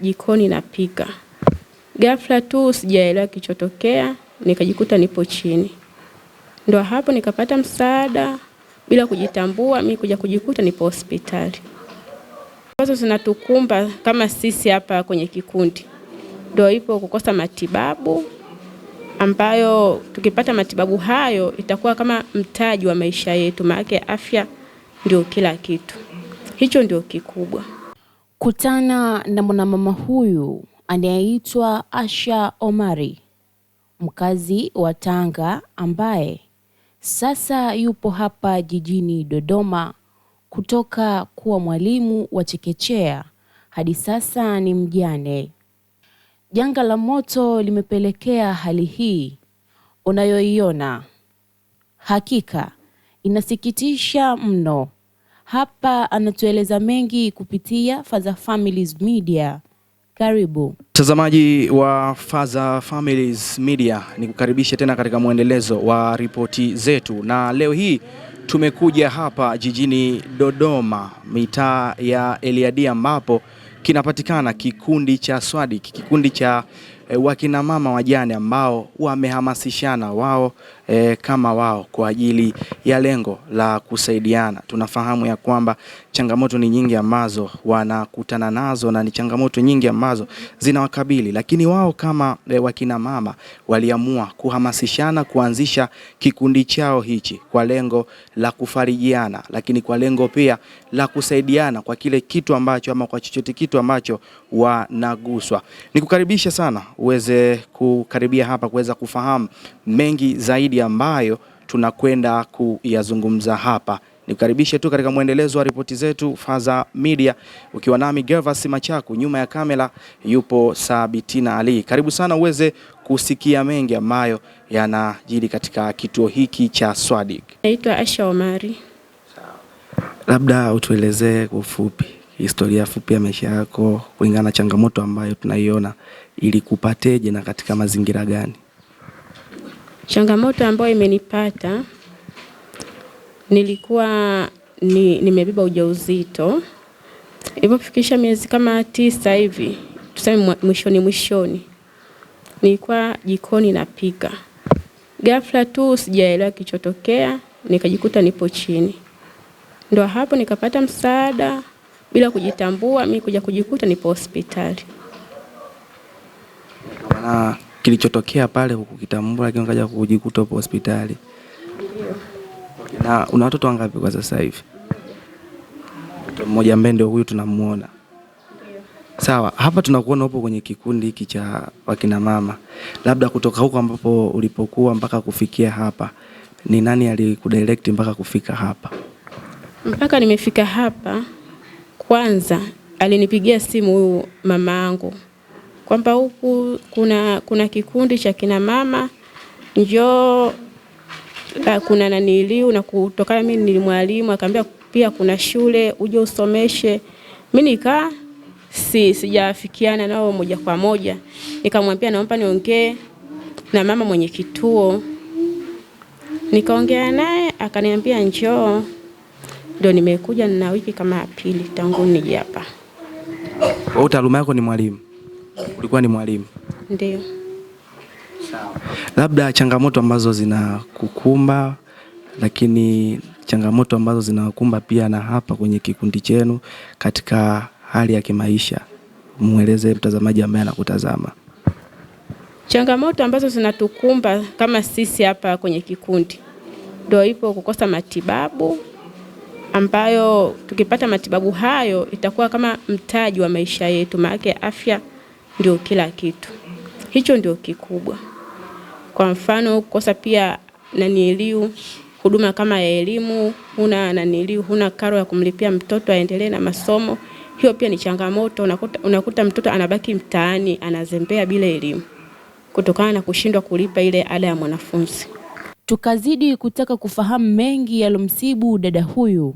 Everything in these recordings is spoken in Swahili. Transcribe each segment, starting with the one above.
jikoni napika. Ghafla tu sijaelewa kilichotokea, nikajikuta nipo chini. Ndo hapo nikapata msaada bila kujitambua, mi kuja kujikuta nipo hospitali. Ambazo zinatukumba kama sisi hapa kwenye kikundi, ndo ipo kukosa matibabu ambayo tukipata matibabu hayo itakuwa kama mtaji wa maisha yetu, maana afya ndio kila kitu. Hicho ndio kikubwa. Kutana na mwanamama huyu anayeitwa Asha Omari, mkazi wa Tanga ambaye sasa yupo hapa jijini Dodoma kutoka kuwa mwalimu wa chekechea hadi sasa ni mjane. Janga la moto limepelekea hali hii unayoiona. Hakika inasikitisha mno. Hapa anatueleza mengi kupitia Faza Families Media. Karibu mtazamaji wa Faza Families Media, nikukaribisha tena katika mwendelezo wa ripoti zetu, na leo hii tumekuja hapa jijini Dodoma, mitaa ya Eliadi, ambapo kinapatikana kikundi cha swadi kikundi cha eh, wakinamama wajane ambao wamehamasishana wao e, kama wao kwa ajili ya lengo la kusaidiana. Tunafahamu ya kwamba changamoto ni nyingi ambazo wanakutana nazo na ni changamoto nyingi ambazo zinawakabili, lakini wao kama e, wakina mama waliamua kuhamasishana kuanzisha kikundi chao hichi kwa lengo la kufarijiana, lakini kwa lengo pia la kusaidiana kwa kile kitu ambacho ama kwa chochote kitu ambacho wanaguswa. Nikukaribisha sana uweze kukaribia hapa kuweza kufahamu mengi zaidi zaidi ambayo tunakwenda kuyazungumza hapa. Nikukaribishe tu katika mwendelezo wa ripoti zetu Faza Media, ukiwa nami Gervas Machaku, nyuma ya kamera yupo Sabitina Ali. Karibu sana uweze kusikia mengi ambayo yanajiri katika kituo hiki cha Swadik. Naitwa Asha Omari. Labda utuelezee kwa ufupi historia fupi ya maisha yako kulingana na changamoto ambayo tunaiona, ili kupateje na katika mazingira gani? Changamoto ambayo imenipata nilikuwa ni, nimebeba ujauzito ilipofikisha miezi kama tisa hivi, tuseme mwishoni mwishoni, nilikuwa jikoni napika, ghafla tu sijaelewa kilichotokea, nikajikuta nipo chini. Ndo hapo nikapata msaada bila kujitambua, mi kuja kujikuta nipo hospitali kilichotokea pale hukukitambua, lakini ukaja kujikuta hapo hospitali. Na una watoto wangapi kwa sasa hivi? Mtoto mmoja ambaye ndio huyu tunamuona. Sawa, hapa tunakuona upo kwenye kikundi hiki cha wakina mama, labda kutoka huko ambapo ulipokuwa mpaka kufikia hapa, ni nani alikudirect mpaka kufika hapa? Mpaka nimefika hapa, kwanza alinipigia simu huyu mama yangu kwamba huku kuna, kuna kikundi cha kina mama njoo ah, kuna naniliu na kutokana mimi ni mwalimu, akaambia pia kuna shule uje usomeshe. Mimi nikaa si sijafikiana nao moja kwa moja, nikamwambia naomba niongee na mama mwenye kituo. Nikaongea naye akaniambia njoo. Ndio nimekuja na wiki kama ya pili tangu nije hapa. Wewe taaluma yako ni mwalimu? ulikuwa ni mwalimu ndio? Sawa. Labda changamoto ambazo zinakukumba lakini changamoto ambazo zinakumba pia na hapa kwenye kikundi chenu katika hali ya kimaisha, mweleze mtazamaji ambaye anakutazama changamoto ambazo zinatukumba kama sisi hapa kwenye kikundi. Ndio ipo kukosa matibabu ambayo tukipata matibabu hayo itakuwa kama mtaji wa maisha yetu, maana afya ndio kila kitu. Hicho ndio kikubwa. Kwa mfano kosa pia naniliu huduma kama ya elimu, huna naniliu, huna karo ya kumlipia mtoto aendelee na masomo, hiyo pia ni changamoto. Unakuta, unakuta mtoto anabaki mtaani anazembea bila elimu kutokana na kushindwa kulipa ile ada ya mwanafunzi. Tukazidi kutaka kufahamu mengi yalomsibu dada huyu,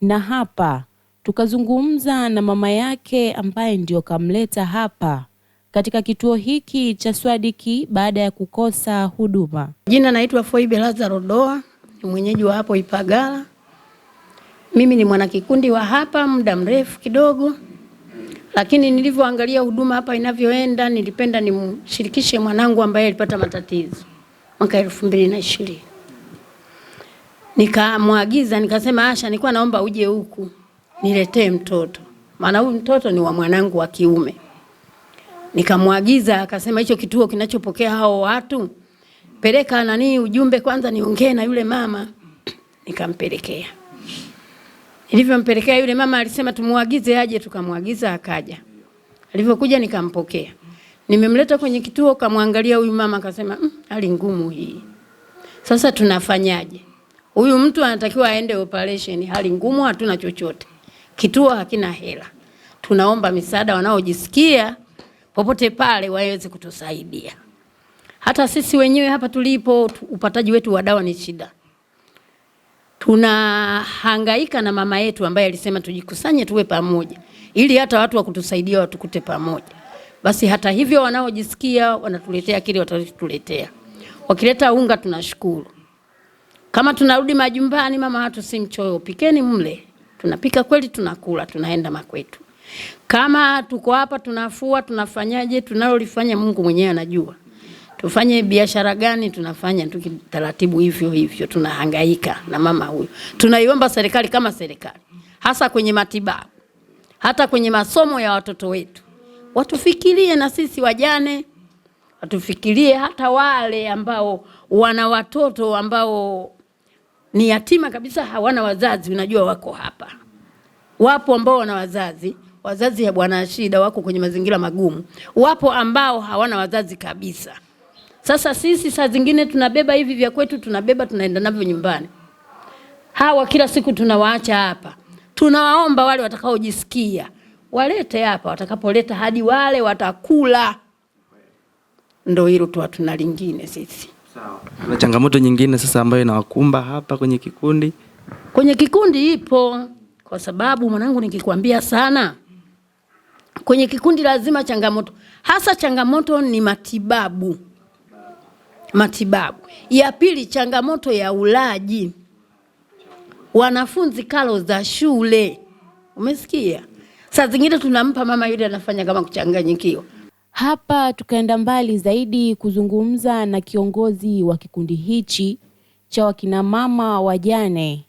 na hapa tukazungumza na mama yake ambaye ndio kamleta hapa katika kituo hiki cha Swadiki baada ya kukosa huduma. Jina naitwa Foibe Lazaro Doa, ni mwenyeji wa hapo Ipagala. Mimi ni mwanakikundi wa hapa muda mrefu kidogo, lakini nilivyoangalia huduma hapa inavyoenda, nilipenda nimshirikishe mwanangu ambaye alipata matatizo mwaka elfu mbili na ishirini. Nikamwagiza nikasema, Asha, nilikuwa naomba uje huku niletee mtoto, maana huyu mtoto ni wa mwanangu wa kiume. Nikamwagiza akasema hicho kituo kinachopokea hao watu peleka nani ujumbe kwanza, niongee na yule mama. Nikampelekea, nilivyompelekea yule mama alisema tumuagize aje, tukamwagiza akaja. Alivyokuja nikampokea, nimemleta kwenye kituo, kamwangalia huyu mama akasema mm, hali ngumu hii, sasa tunafanyaje? Huyu mtu anatakiwa aende operation, hali ngumu, hatuna chochote, kituo hakina hela, tunaomba misaada wanaojisikia popote pale waweze kutusaidia. Hata sisi wenyewe hapa tulipo, upataji wetu wa dawa ni shida, tunahangaika na mama yetu ambaye alisema tujikusanye tuwe pamoja, ili hata watu wa kutusaidia watukute pamoja. Basi hata hivyo, wanaojisikia wanatuletea kile watatuletea, wakileta unga tunashukuru. Kama tunarudi majumbani, mama hatu si mchoyo, pikeni mle, tunapika kweli, tunakula, tunaenda makwetu. Kama tuko hapa tunafua, tunafanyaje? Tunalolifanya Mungu mwenyewe anajua. Tufanye biashara gani? Tunafanya tukitaratibu hivyo hivyo, tunahangaika na mama huyu. Tunaiomba serikali kama serikali, hasa kwenye matibabu, hata kwenye masomo ya watoto wetu, watufikirie na sisi wajane, watufikirie hata wale ambao wana watoto ambao ni yatima kabisa, hawana wazazi. Unajua wako hapa, wapo ambao wana wazazi wazazi ya Bwana Shida wako kwenye mazingira magumu. Wapo ambao hawana wazazi kabisa. Sasa sisi saa zingine tunabeba hivi vya kwetu, tunabeba tunaenda navyo nyumbani. Hawa kila siku tunawaacha hapa, tunawaomba wale watakaojisikia walete hapa, watakapoleta hadi wale watakula. Ndo hilo tu, hatuna lingine sisi. Sawa. Kuna changamoto nyingine sasa ambayo inawakumba hapa kwenye kikundi. Kwenye kikundi ipo, kwa sababu mwanangu, nikikwambia sana kwenye kikundi lazima changamoto, hasa changamoto ni matibabu. Matibabu ya pili, changamoto ya ulaji, wanafunzi kalo za shule. Umesikia? Saa zingine tunampa mama yule anafanya kama kuchanganyikiwa. Hapa tukaenda mbali zaidi kuzungumza na kiongozi wa kikundi hichi cha wakinamama wajane,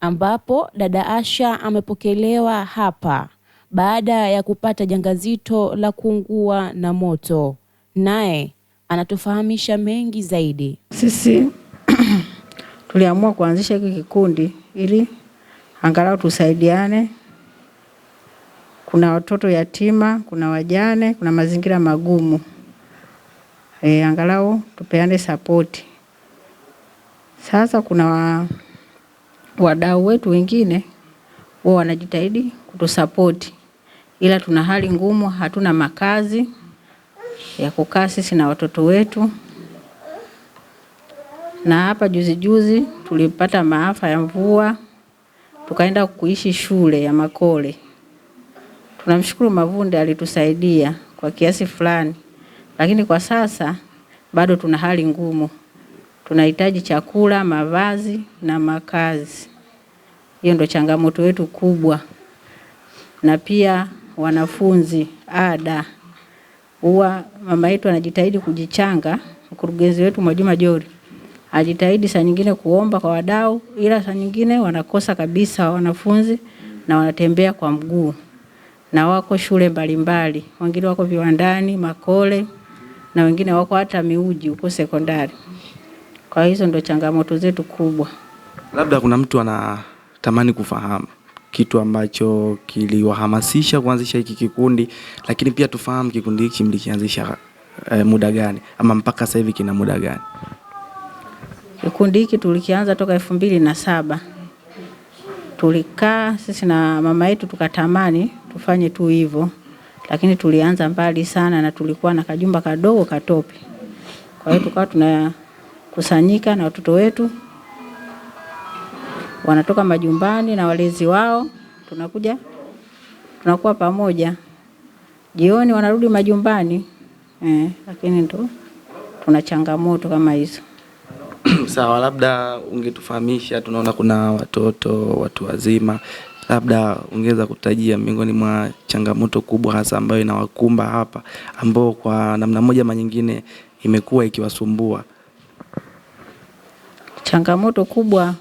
ambapo dada Asha amepokelewa hapa baada ya kupata janga zito la kuungua na moto. Naye anatufahamisha mengi zaidi. Sisi tuliamua kuanzisha hiki kikundi ili angalau tusaidiane. Kuna watoto yatima, kuna wajane, kuna mazingira magumu e, angalau tupeane sapoti. Sasa kuna wa, wadau wetu wengine wao wanajitahidi kutusapoti ila tuna hali ngumu, hatuna makazi ya kukaa sisi na watoto wetu. Na hapa juzi juzi tulipata maafa ya mvua, tukaenda kuishi shule ya Makole. Tunamshukuru Mavunde alitusaidia kwa kiasi fulani, lakini kwa sasa bado tuna hali ngumu, tunahitaji chakula, mavazi na makazi. Hiyo ndo changamoto yetu kubwa, na pia wanafunzi, ada, huwa mama yetu anajitahidi kujichanga. Mkurugenzi wetu Mwajuma Jori ajitahidi saa nyingine kuomba kwa wadau, ila saa nyingine wanakosa kabisa wanafunzi na wanatembea kwa mguu na wako shule mbalimbali, wengine wako viwandani Makole na wengine wako hata miuji huko sekondari. Kwa hizo ndo changamoto zetu kubwa. Labda kuna mtu anatamani kufahamu kitu ambacho kiliwahamasisha kuanzisha hiki kikundi, lakini pia tufahamu kikundi hiki mlikianzisha e, muda gani ama mpaka sasa hivi kina muda gani? Kikundi hiki tulikianza toka elfu mbili na saba. Tulikaa sisi na mama yetu tukatamani tufanye tu hivyo, lakini tulianza mbali sana, na tulikuwa na kajumba kadogo katope. Kwa hiyo tukawa tunakusanyika na watoto wetu wanatoka majumbani na walezi wao, tunakuja tunakuwa pamoja jioni, wanarudi majumbani eh, lakini ndo tuna changamoto kama hizo. Sawa, labda ungetufahamisha, tunaona kuna watoto watu wazima, labda ungeweza kutajia miongoni mwa changamoto kubwa hasa ambayo inawakumba hapa, ambao kwa namna moja ama nyingine imekuwa ikiwasumbua? Changamoto kubwa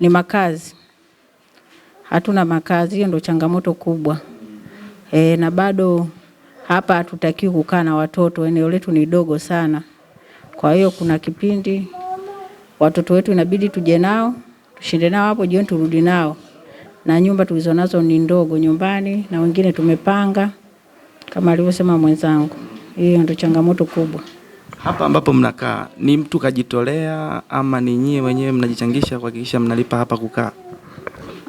ni makazi, hatuna makazi. Hiyo ndio changamoto kubwa e, na bado hapa hatutakiwi kukaa na watoto, eneo letu ni dogo sana. Kwa hiyo kuna kipindi watoto wetu inabidi tuje nao tushinde nao hapo, jioni turudi nao, na nyumba tulizonazo ni ndogo nyumbani, na wengine tumepanga kama alivyosema mwenzangu. Hiyo ndio changamoto kubwa. Hapa ambapo mnakaa ni mtu kajitolea ama ni nyie wenyewe mnajichangisha kuhakikisha mnalipa hapa kukaa?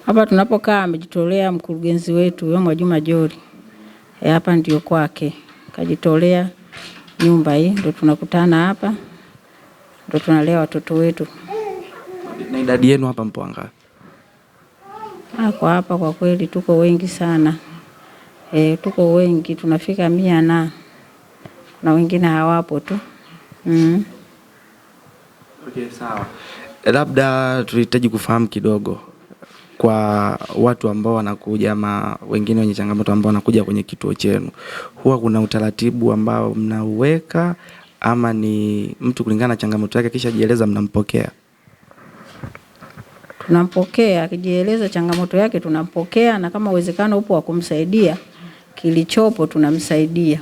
Hapa tunapokaa amejitolea mkurugenzi wetu Mheshimiwa Juma Jori. E, hapa ndio kwake. Kajitolea nyumba hii ndio tunakutana hapa. Ndio tunalea watoto wetu. Na idadi yenu hapa mpo wangapi? Ah, kwa hapa kwa kweli tuko wengi sana. E, tuko wengi tunafika mia na na wengine hawapo tu. Mm. Okay, sawa. Labda tulihitaji kufahamu kidogo kwa watu ambao wanakuja ama wengine wenye changamoto ambao wanakuja kwenye kituo chenu, huwa kuna utaratibu ambao mnauweka ama ni mtu kulingana na changamoto yake kisha jieleza, mnampokea? Tunampokea akijieleza changamoto yake, tunampokea na kama uwezekano upo wa kumsaidia kilichopo, tunamsaidia.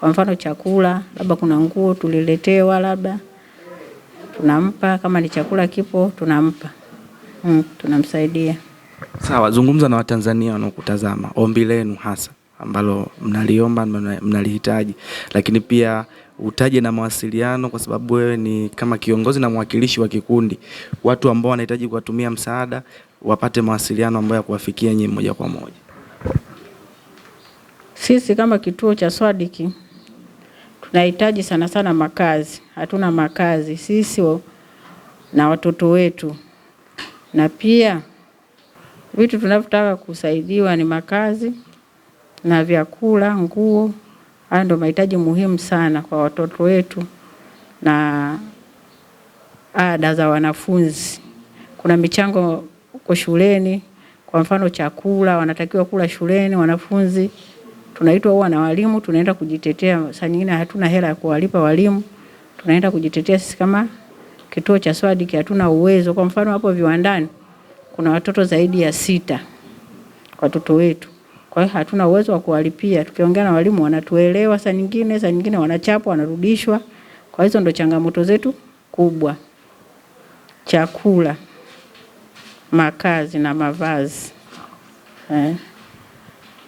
Kwa mfano chakula, labda kuna nguo tuliletewa, labda tunampa, kama ni chakula kipo tunampa, mm, tunamsaidia. Sawa, zungumza na Watanzania wanaokutazama, ombi lenu hasa ambalo mnaliomba mnalihitaji, lakini pia utaje na mawasiliano, kwa sababu wewe ni kama kiongozi na mwakilishi wa kikundi. Watu ambao wanahitaji kuwatumia msaada wapate mawasiliano ambayo ya kuwafikia nyinyi moja kwa moja. Sisi kama kituo cha Swadiki tunahitaji sana sana makazi, hatuna makazi sisi na watoto wetu, na pia vitu tunavyotaka kusaidiwa ni makazi na vyakula, nguo. haya ndio mahitaji muhimu sana kwa watoto wetu na ada za wanafunzi. Kuna michango huko shuleni, kwa mfano chakula wanatakiwa kula shuleni wanafunzi tunaitwa huwa na walimu, tunaenda kujitetea. Saa nyingine hatuna hela ya kuwalipa walimu, tunaenda kujitetea sisi kama kituo cha Swadiki, hatuna uwezo. Kwa mfano hapo viwandani kuna watoto zaidi ya sita watoto wetu, kwa hiyo hatuna uwezo wa kuwalipia. Tukiongea na walimu wanatuelewa, saa nyingine saa nyingine wanachapwa, wanarudishwa. Kwa hizo ndo changamoto zetu kubwa, chakula, makazi na mavazi eh.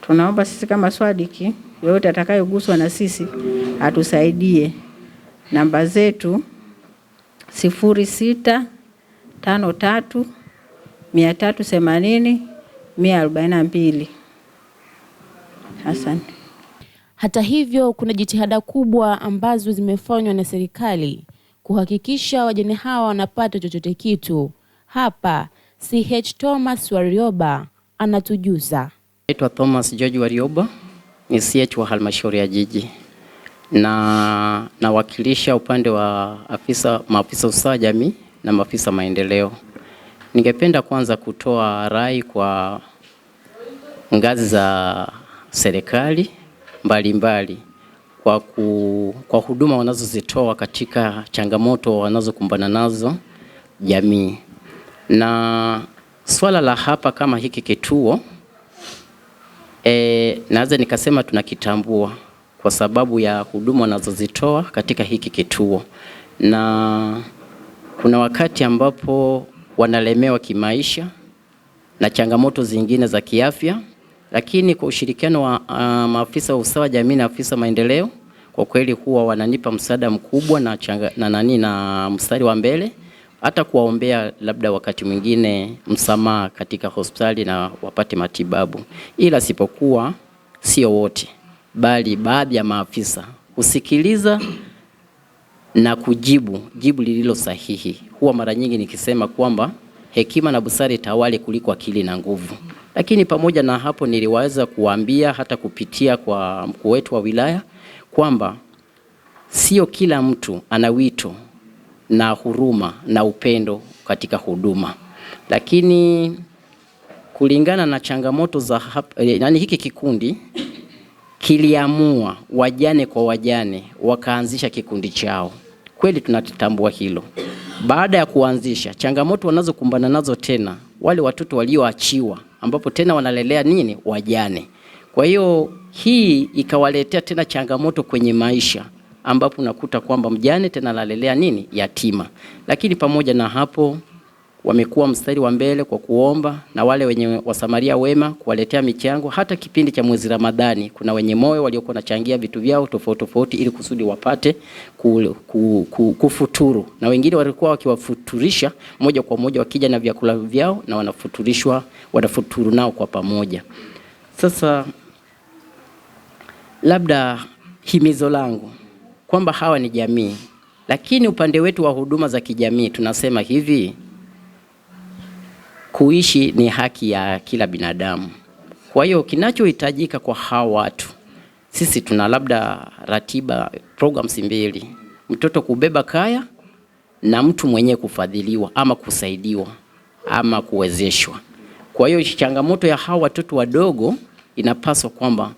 Tunaomba sisi kama Swadiki, yoyote atakayeguswa na sisi atusaidie. Namba zetu sifuri sita tano tatu mia tatu themanini mia arobaini na mbili. Asante. Hata hivyo, kuna jitihada kubwa ambazo zimefanywa na serikali kuhakikisha wajane hawa wanapata chochote kitu. Hapa CH Thomas Warioba anatujuza. Naitwa Thomas George Warioba ni CH wa halmashauri ya jiji na nawakilisha upande wa afisa maafisa usawa jamii na maafisa maendeleo. Ningependa kwanza kutoa rai kwa ngazi za serikali mbalimbali kwa, ku, kwa huduma wanazozitoa katika changamoto wanazokumbana nazo jamii, na swala la hapa kama hiki kituo E, naweza nikasema tunakitambua kwa sababu ya huduma wanazozitoa katika hiki kituo, na kuna wakati ambapo wanalemewa kimaisha na changamoto zingine za kiafya, lakini kwa ushirikiano wa uh, maafisa wa usawa jamii na afisa maendeleo, kwa kweli huwa wananipa msaada mkubwa na, changa, na nani na mstari wa mbele hata kuwaombea labda wakati mwingine msamaha katika hospitali na wapate matibabu, ila sipokuwa sio wote, bali baadhi ya maafisa kusikiliza na kujibu jibu lililo sahihi. Huwa mara nyingi nikisema kwamba hekima na busara itawale kuliko akili na nguvu. Lakini pamoja na hapo, niliweza kuambia hata kupitia kwa mkuu wetu wa wilaya kwamba sio kila mtu ana wito na huruma na upendo katika huduma, lakini kulingana na changamoto za hapa, eh, hiki kikundi kiliamua wajane kwa wajane, wakaanzisha kikundi chao. Kweli tunatambua hilo. Baada ya kuanzisha, changamoto wanazokumbana nazo tena wale watoto walioachiwa, ambapo tena wanalelea nini? Wajane. Kwa hiyo hii ikawaletea tena changamoto kwenye maisha ambapo unakuta kwamba mjane tena analelea nini yatima. Lakini pamoja na hapo wamekuwa mstari wa mbele kwa kuomba na wale wenye wasamaria wema kuwaletea michango. Hata kipindi cha mwezi Ramadhani kuna wenye moyo waliokuwa nachangia vitu vyao tofauti tofauti ili kusudi wapate ku, ku, ku, kufuturu, na wengine walikuwa wakiwafuturisha moja kwa moja wakija na vyakula vyao na wanafuturishwa, wanafuturu nao kwa pamoja. Sasa labda himizo langu kwamba hawa ni jamii, lakini upande wetu wa huduma za kijamii tunasema hivi, kuishi ni haki ya kila binadamu. Kwa hiyo kinachohitajika kwa hawa watu, sisi tuna labda ratiba programs mbili, mtoto kubeba kaya na mtu mwenyewe kufadhiliwa ama kusaidiwa ama kuwezeshwa. Kwa hiyo changamoto ya hawa watoto wadogo inapaswa kwamba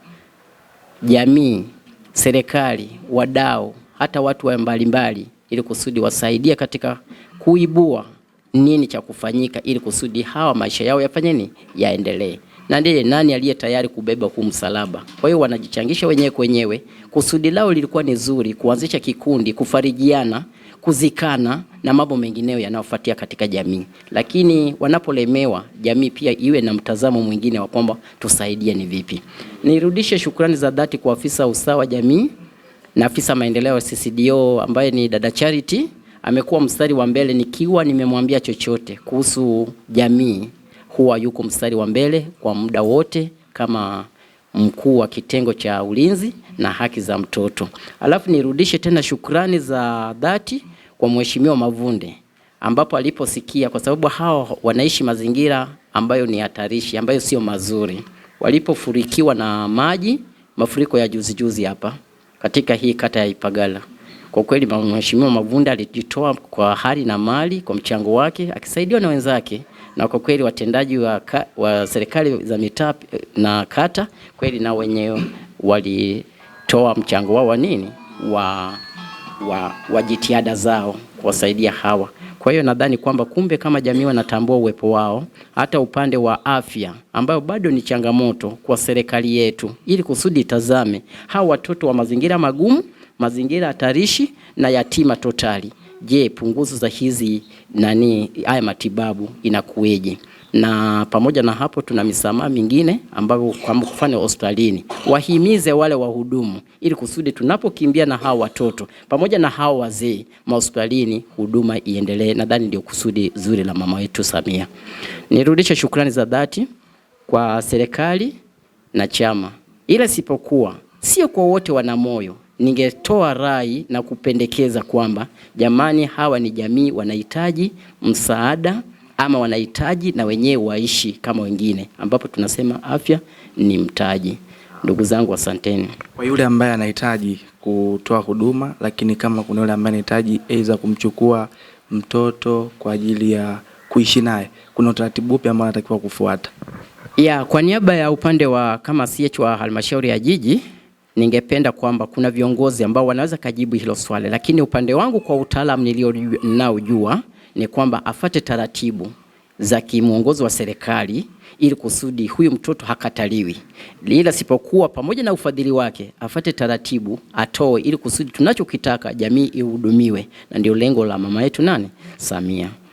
jamii serikali, wadau, hata watu wa mbalimbali, ili kusudi wasaidie katika kuibua nini cha kufanyika, ili kusudi hawa maisha yao yafanye yaendelee. Na ndiye nani aliye tayari kubeba huu msalaba? Kwa hiyo wanajichangisha wenyewe kwenyewe. Kusudi lao lilikuwa ni zuri, kuanzisha kikundi, kufarijiana kuzikana na mambo mengineyo yanayofuatia katika jamii, lakini wanapolemewa jamii pia iwe na mtazamo mwingine wa kwamba tusaidie ni vipi. Nirudishe shukrani za dhati kwa afisa usawa jamii na afisa maendeleo ya CCDO ambaye ni dada Charity, amekuwa mstari wa mbele. Nikiwa nimemwambia chochote kuhusu jamii, huwa yuko mstari wa mbele kwa muda wote kama mkuu wa kitengo cha ulinzi na haki za mtoto. Alafu nirudishe tena shukrani za dhati kwa Mheshimiwa Mavunde ambapo aliposikia, kwa sababu hao wanaishi mazingira ambayo ni hatarishi, ambayo sio mazuri, walipofurikiwa na maji, mafuriko ya juzi juzi hapa katika hii kata ya Ipagala. Kwa kweli Mheshimiwa Mavunde alijitoa kwa hali na mali kwa mchango wake akisaidiwa na wenzake, na kwa kweli watendaji wa, wa serikali za mitaa na kata kweli na wenyewe walitoa mchango wao wa nini wa wa, wa jitihada zao kuwasaidia hawa. Kwa hiyo nadhani kwamba kumbe kama jamii wanatambua uwepo wao hata upande wa afya ambayo bado ni changamoto kwa serikali yetu, ili kusudi itazame hawa watoto wa mazingira magumu, mazingira hatarishi na yatima totali. Je, punguzo za hizi nani haya matibabu inakuweje? na pamoja na hapo tuna misamaha mingine ambayo kwa mfano hospitalini, wahimize wale wahudumu ili kusudi tunapokimbia na hawa watoto pamoja na hawa wazee mahospitalini, huduma iendelee. Nadhani ndio kusudi zuri la mama wetu Samia. Nirudishe shukrani za dhati kwa serikali na chama, ila sipokuwa sio kwa wote wana moyo ningetoa rai na kupendekeza kwamba jamani, hawa ni jamii wanahitaji msaada ama wanahitaji na wenyewe waishi kama wengine, ambapo tunasema afya ni mtaji. Ndugu zangu, asanteni kwa yule ambaye anahitaji kutoa huduma, lakini kama kuna yule ambaye anahitaji aidha kumchukua mtoto kwa ajili ya kuishi naye, kuna utaratibu upi ambao anatakiwa kufuata? Ya, kwa niaba ya upande wa kama CH wa halmashauri ya jiji ningependa kwamba kuna viongozi ambao wanaweza kajibu hilo swali, lakini upande wangu kwa utaalamu nilio naojua ni kwamba afate taratibu za kimuongozo wa serikali ili kusudi huyu mtoto hakataliwi, ila sipokuwa pamoja na ufadhili wake afate taratibu atoe, ili kusudi tunachokitaka jamii ihudumiwe, na ndio lengo la mama yetu nani Samia.